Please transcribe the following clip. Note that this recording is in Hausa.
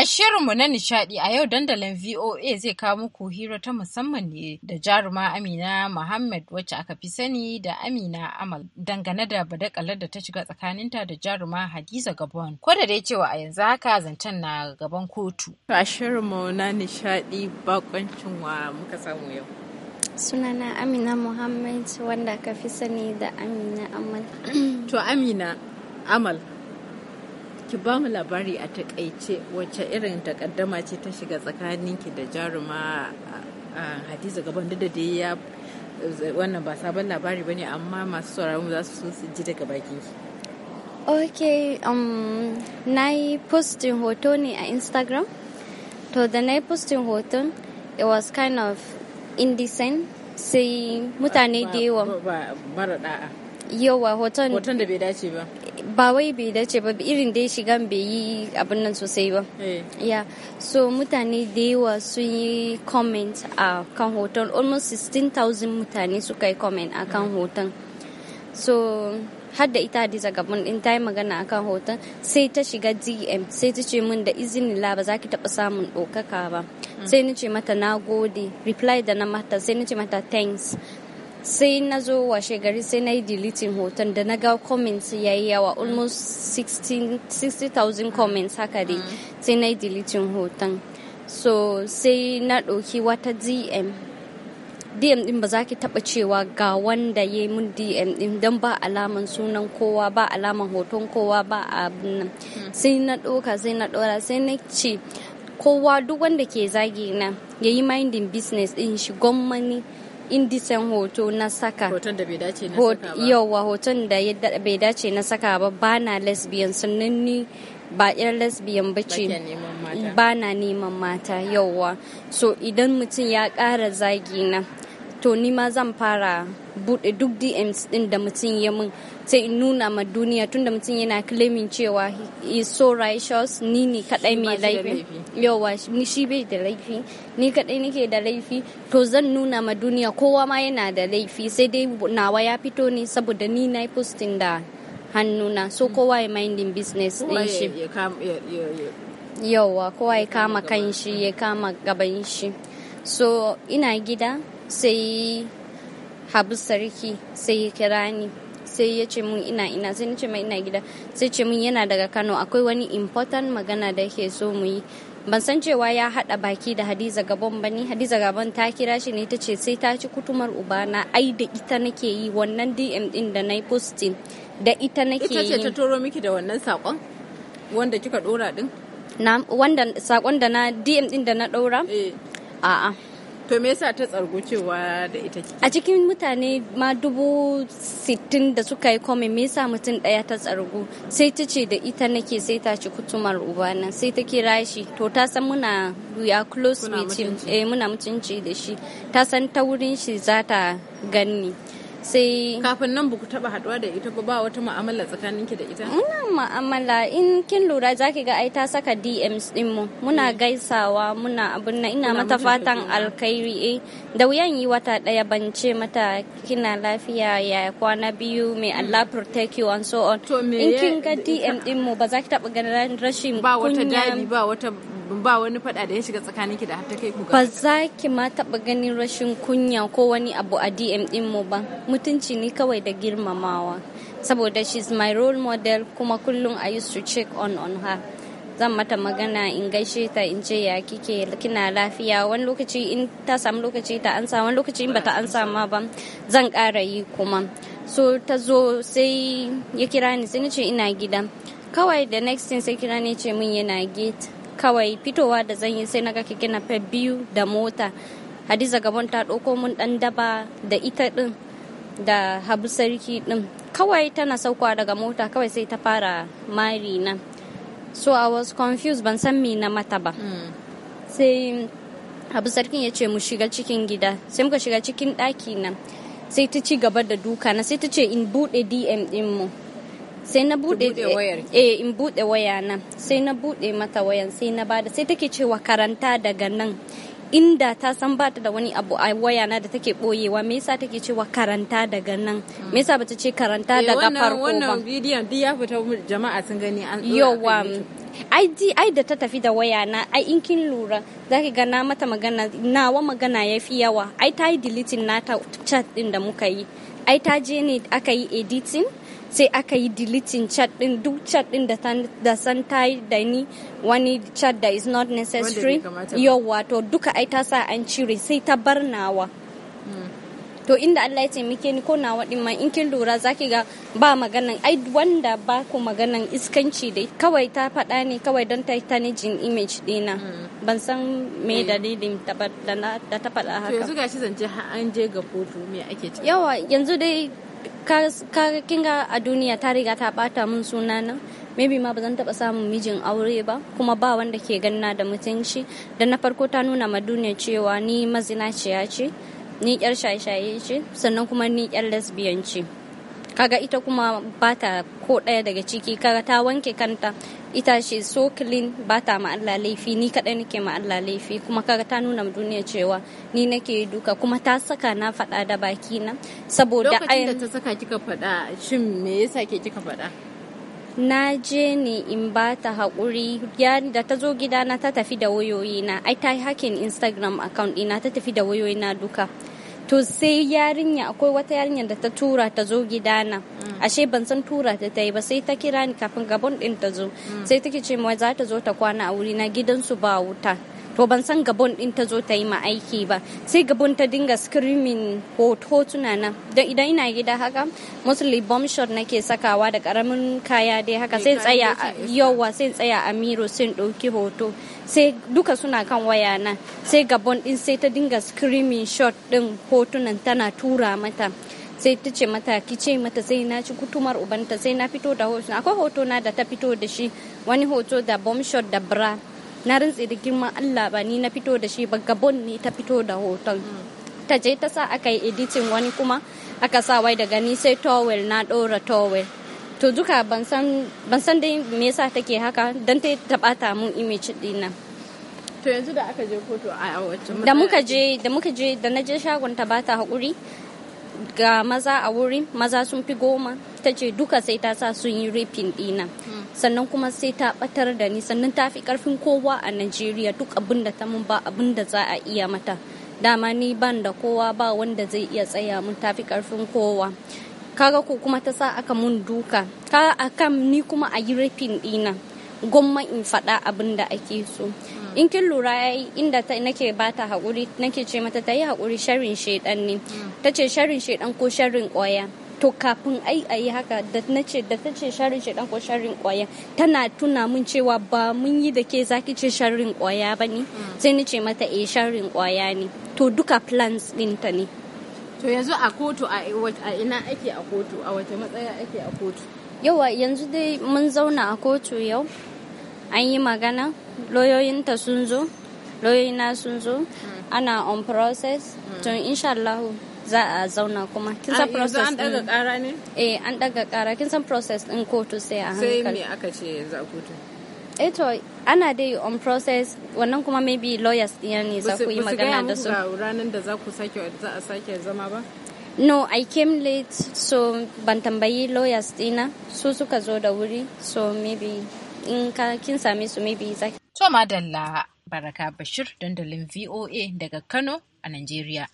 A shirinmu na nishaɗi, a yau dandalin VOA zai kawo muku hira ta musamman ne da jaruma Amina Muhammad wacce aka fi sani da Amina Amal dangane da badakalar da ta shiga tsakaninta da jaruma Hadiza Gabon. Ko da dai cewa a yanzu haka zancen na gaban kotu. A shirinmu na nishadi bakoncin wa muka samu yau. Sunana Amina Muhammad wanda aka fi sani da Amina Amal. to Amina Amal ki ba mu labari a takaice wacce irin takaddama ce ta shiga tsakaninki da jaruma hadiza gaban da da ya wannan ba sabon labari ba ne amma masu sauraron za su su ji daga bakin ki ok um, na yi postin hoto ne a instagram to da na yi postin hoton it was kind of indecent sai mutane da yawa mara da'a yawa hoton hoton da bai dace ba ba wai bai dace ba irin dai shigan bai yi abin nan sosai ba eh. ya so mutane da yawa sun yi comment a kan hoton almost 16,000 mutane suka yi comment a kan mm. hoton so har da ita Hadiza gaban-gaban in ta yi magana a kan hoton sai ta shiga DM sai ta ce min da izini la ba za ki taɓa samun ɗaukaka ba mm. sai ni ce mata na reply da na mata sai ni ce mata thanks sai na zo washe gari sai na yi deleting hoton da na ga comments ya yi yawa almost 60,000 comments haka dai sai na yi deleting hoton so sai na ɗauki wata dm dm din ba za ki taɓa cewa ga wanda ya yi mun dm din don ba alaman sunan kowa ba alaman hoton kowa ba abin nan sai na ɗauka sai na ɗora sai na ce kowa duk wanda ke zagi na ya yi mindin business din shi gwamnati indisan hoto na saka hoton da bai dace na saka ba yawa hoton da bai dace na saka ba ba na lesbian sannan ni ba yar lesbian ba ce ba na neman mata yawa so idan mutum ya ƙara zagi na to ni ma zan fara bude duk DMs ɗin da mutum ya mun sai in nuna ma duniya tun da mutum yana kilemin cewa is so righteous ni ne kadai mai laifi yawa ni shi bai da laifi ni kadai nake da laifi to zan nuna ma duniya kowa ma yana da laifi sai dai nawa ya fito ne saboda ni na posting da hannuna so kowa ya minding business din shi yawa kowa ya kama kan shi ya kama gaban shi so ina gida sai habu sarki sai ya kira ni sai ya ce mun ina ina sai ce mai ina gida sai ce mun yana daga kano akwai wani important magana da yake so mu yi ban san cewa ya hada baki da hadiza gabon ba ni hadiza gabon ta kira shi ne ta ce sai ta ci kutumar ubana ai da ita nake yi wannan dm din da na yi posting da ita nake yi ita ce ta toro miki da wannan sakon wanda kika dora din na wanda sakon da na dm din da na daura eh. a'a To me yasa ta tsargu cewa da ita A cikin mutane ma dubu sittin da suka yi komai me yasa mutum ɗaya ta tsargu sai ta ce da ita nake sai ta ci kutumar ubana sai ta kira shi to ta san muna ya close with eh muna mutunci da shi ta san ta wurin shi za ta ganni. sai kafin nan buku taba haduwa da ita ba wata tsakanin ki da ita ina mu'amala in kin lura zaki ga ai ta saka DMs din mu muna mm. gaisawa muna abun nan ina mata fatan alkhairi eh da wuyan yi wata daya ban ce mata kina lafiya ya kwana biyu may mm. Allah protect you and so on in kin ga DM din mu ba za ki taba ganin rashin ba wata dali ba wata ba wani fada da ya shiga tsakanin ki da har ta kai ku ba za ki ma taba ganin rashin kunya ko wani abu a DM din mu ba mutunci ne kawai da girmamawa saboda she's my role model kuma kullum I used to check on on her zan mata magana in gaishe ta in ce ya kike kina lafiya wani lokaci in ta samu lokaci ta ansa wani lokaci in bata ansa ma ba zan kara yi kuma so ta zo sai ya kira ni sai na ce ina gida kawai da next thing sai kira ne ce min yana gate kawai fitowa da zan yi sai na ga gina na biyu da mota hadiza gabon ta ɗauko mun ɗan daba da ita ɗin da habu sarki ɗin kawai tana saukowa daga mota kawai sai ta fara mari na so i was confused ban san me na mata ba hmm. sai habu sarkin ya ce mu shiga cikin gida sai muka shiga cikin ɗaki na sai ta ci gaba da duka na sai ta ce in buɗe dm ɗin mu sai na bude e eh, eh, in bude waya na sai na bude mata wayan sai na bada sai take cewa karanta daga nan inda ta san ba ta da wani abu a waya na da take boyewa me yasa take cewa karanta daga nan hmm. me yasa bata ce karanta eh, daga farko ba wannan bidiyon duk ya fita jama'a sun gani an yawa ai ji ai da ta tafi da waya na ai in kin lura zaki ga na mata magana nawa magana yafi yawa ai ta yi deleting nata chat din da muka yi ai ta je ne aka yi editing sai aka yi deleting chat din duk chat din da san ta yi da ni wani chat da is not necessary yawa to duka ai ta sa an cire sai ta bar nawa to inda Allah ya taimake ni ko nawa din ma in kin lura zaki ga ba maganan ai wanda ba ku maganan iskanci dai kawai ta faɗa ne kawai don ta ta jin image dina mm. ban san me mm. dalilin da ta faɗa haka to yanzu gashi zance an je ga kotu me ake ciki yawa yanzu dai ga a duniya ta riga ta bata suna sunana maybe ma ba zan taba samun mijin aure ba kuma ba wanda ke ganna da mutunci da na farko ta nuna ma duniya cewa ni mazinaciya ce ni yar shaye-shaye ce sannan kuma ni kyar lesbian ce kaga ita kuma bata ko ɗaya daga ciki kaga ta wanke kanta ita ce so clean ba ta ma Allah laifi ni kadai nake ma Allah laifi kuma kaga ta nuna ma duniya cewa ni nake duka kuma ta saka na faɗa da baki na saboda lokacin da ta saka kika fada shin me yasa ke kika fada. na je ne in ba ta haƙuri da ta zo gidana ta tafi da wayoyi na ai ta yi hakin instagram account ɗina ta tafi da wayoyi na duka to sai yarinya akwai wata yarinya da ta tura ta zo gidana mm. ashe ban san tura ta ta yi ba sai ta kira ni kafin gabon ɗin ta zo mm. sai take ce ma za ta zo ta kwana a wuri na gidansu ba wuta to ban san gabon din ta zo ta yi ma aiki ba sai gabon ta dinga screaming hotuna na don idan ina gida haka mostly bomb shot nake sakawa da karamin kaya dai haka sai tsaya yawa sai tsaya a miro sai ɗauki hoto sai duka suna kan waya na sai gabon din sai ta dinga screaming shot din hotunan tana tura mata sai ta ce mata ki ce mata sai na ci kutumar ubanta sai na fito da hoto akwai hoto na da ta fito da shi wani hoto da bomb shot da bra na rintse da girman Allah ba ni na fito da shi ba gabon ne ta fito da hoton ta je ta sa aka yi editin wani kuma aka sa wai daga ni sai towel na ɗora towel to duka ban san dai me yasa take haka don ta ta mun image dina to yanzu da aka je kotu a wacce da muka je da muka je da na je shagon ta bata haƙuri ga maza a wuri maza sun fi goma ta ce duka sai ta sa sun yi rafin dina hmm. sannan kuma sai ta batar da ni sannan ta fi karfin kowa a najeriya duk abin da ta mun ba abin da za a iya mata dama ni ban da kowa ba wanda zai iya tsaya mun ta fi karfin kowa kaga ko kuma ta sa aka mun duka ka akan ni kuma a yi rafin dina gwamma in faɗa abin da ake so in kin lura inda nake ta haƙuri nake ce mata ta yi haƙuri sharrin shaidan ne ta ce sharrin shaidan ko sharrin ƙwaya to kafin ai a yi haka da na ce da ta ce sharrin shaidan ko sharrin ƙwaya tana tuna mun cewa ba mun yi da ke zaki ce sharrin ƙwaya ba ne sai ni ce mata eh sharrin ƙwaya ne to duka plans ɗinta ne to yanzu a kotu a ina ake a kotu a wace matsaya ake a kotu yawa yanzu dai mun zauna a kotu yau an yi magana loyoyinta sun zo loyoyina sun zo hmm. ana on process hmm. to Allah za a zauna kuma kin san ah, process an daga kara ne eh an daga kara kin san process din kotu sai a hankali sai me aka ce yanzu a kotu eh to ana dai on process wannan kuma maybe lawyers din ne za ku yi magana da su ranar da za ku sake za a sake zama ba No, I came late, so ban tambayi lawyers dina, su suka zo da wuri, so maybe in ka kin same su maybe zaki. To Madalla, Baraka Bashir dandalin VOA daga Kano a Najeriya.